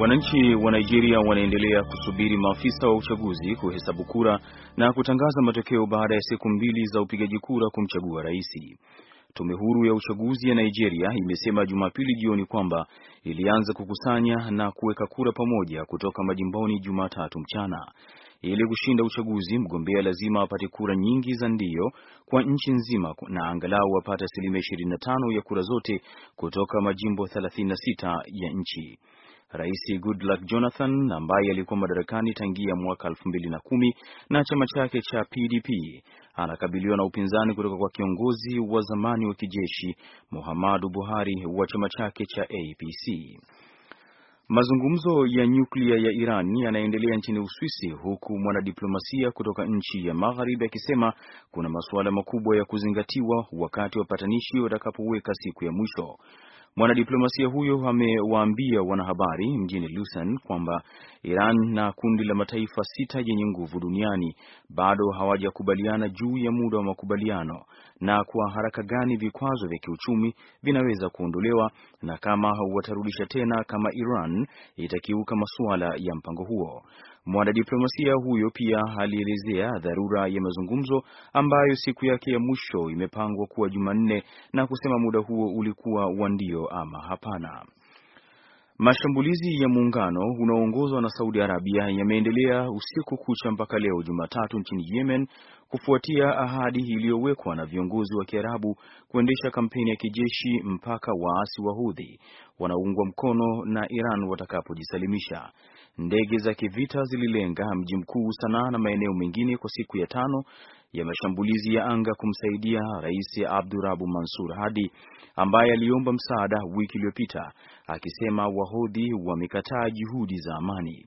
Wananchi wa Nigeria wanaendelea kusubiri maafisa wa uchaguzi kuhesabu kura na kutangaza matokeo baada ya siku mbili za upigaji kura kumchagua rais. Tume huru ya uchaguzi ya Nigeria imesema Jumapili jioni kwamba ilianza kukusanya na kuweka kura pamoja kutoka majimboni Jumatatu mchana. Ili kushinda uchaguzi, mgombea lazima apate kura nyingi za ndio kwa nchi nzima na angalau apate asilimia 25 ya kura zote kutoka majimbo 36 ya nchi. Rais Goodluck Jonathan ambaye alikuwa madarakani tangia mwaka 2010 na chama chake cha PDP anakabiliwa na upinzani kutoka kwa kiongozi wa zamani wa kijeshi Muhammadu Buhari wa chama chake cha APC. Mazungumzo ya nyuklia ya Iran yanaendelea nchini Uswisi huku mwanadiplomasia kutoka nchi ya Magharibi akisema kuna masuala makubwa ya kuzingatiwa wakati wapatanishi watakapoweka siku ya mwisho. Mwanadiplomasia huyo amewaambia wanahabari mjini Lausanne kwamba Iran na kundi la mataifa sita yenye nguvu duniani bado hawajakubaliana juu ya muda wa makubaliano na kwa haraka gani vikwazo vya kiuchumi vinaweza kuondolewa na kama watarudisha tena kama Iran itakiuka masuala ya mpango huo. Mwanadiplomasia huyo pia alielezea dharura ya mazungumzo ambayo siku yake ya mwisho imepangwa kuwa Jumanne na kusema muda huo ulikuwa wa ndio ama hapana. Mashambulizi ya muungano unaoongozwa na Saudi Arabia yameendelea usiku kucha mpaka leo Jumatatu nchini Yemen kufuatia ahadi iliyowekwa na viongozi wa Kiarabu kuendesha kampeni ya kijeshi mpaka waasi wa Houthi wanaoungwa mkono na Iran watakapojisalimisha. Ndege za kivita zililenga mji mkuu Sanaa na maeneo mengine kwa siku ya tano ya mashambulizi ya anga kumsaidia Rais Abdurabu Mansur Hadi ambaye aliomba msaada wiki iliyopita akisema Wahodhi wamekataa juhudi za amani.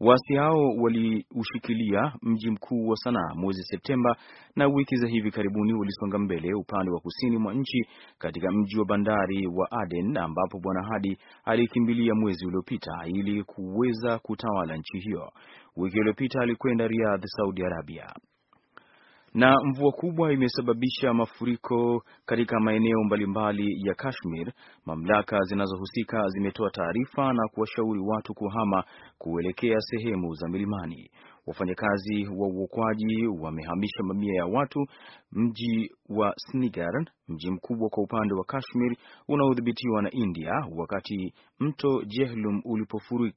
Waasi hao waliushikilia mji mkuu wa Sanaa mwezi Septemba na wiki za hivi karibuni walisonga mbele upande wa kusini mwa nchi katika mji wa bandari wa Aden ambapo Bwana Hadi alikimbilia mwezi uliopita ili kuweza kutawala nchi hiyo. Wiki iliyopita alikwenda Riyadh, Saudi Arabia. Na mvua kubwa imesababisha mafuriko katika maeneo mbalimbali ya Kashmir. Mamlaka zinazohusika zimetoa taarifa na kuwashauri watu kuhama kuelekea sehemu za milimani. Wafanyakazi wa uokoaji wamehamisha mamia ya watu. Mji wa Srinagar, mji mkubwa kwa upande wa Kashmir unaodhibitiwa na India, wakati mto Jhelum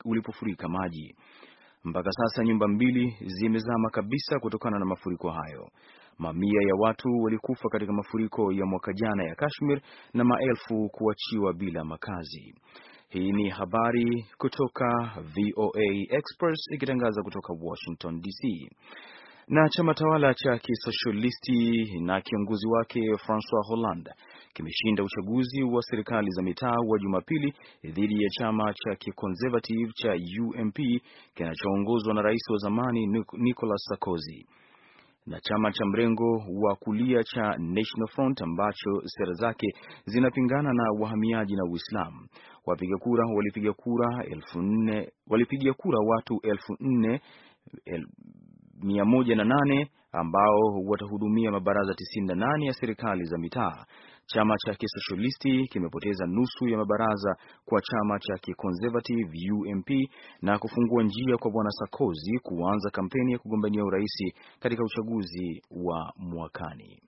ulipofurika maji. Mpaka sasa nyumba mbili zimezama kabisa kutokana na mafuriko hayo. Mamia ya watu walikufa katika mafuriko ya mwaka jana ya Kashmir na maelfu kuachiwa bila makazi. Hii ni habari kutoka VOA Express ikitangaza kutoka Washington DC na chama tawala cha kisoshalisti na kiongozi wake Francois Hollande kimeshinda uchaguzi wa serikali za mitaa wa Jumapili dhidi ya chama cha kiconservative cha UMP kinachoongozwa na rais wa zamani Nicolas Sarkozy na chama cha mrengo wa kulia cha National Front ambacho sera zake zinapingana na wahamiaji na Uislamu. Wapiga kura walipiga kura elfu nne walipiga kura watu elfu nne 108 ambao watahudumia mabaraza 98 ya serikali za mitaa. Chama cha kisoshalisti kimepoteza nusu ya mabaraza kwa chama cha kiconservative UMP na kufungua njia kwa bwana Sarkozy kuanza kampeni ya kugombania urais katika uchaguzi wa mwakani.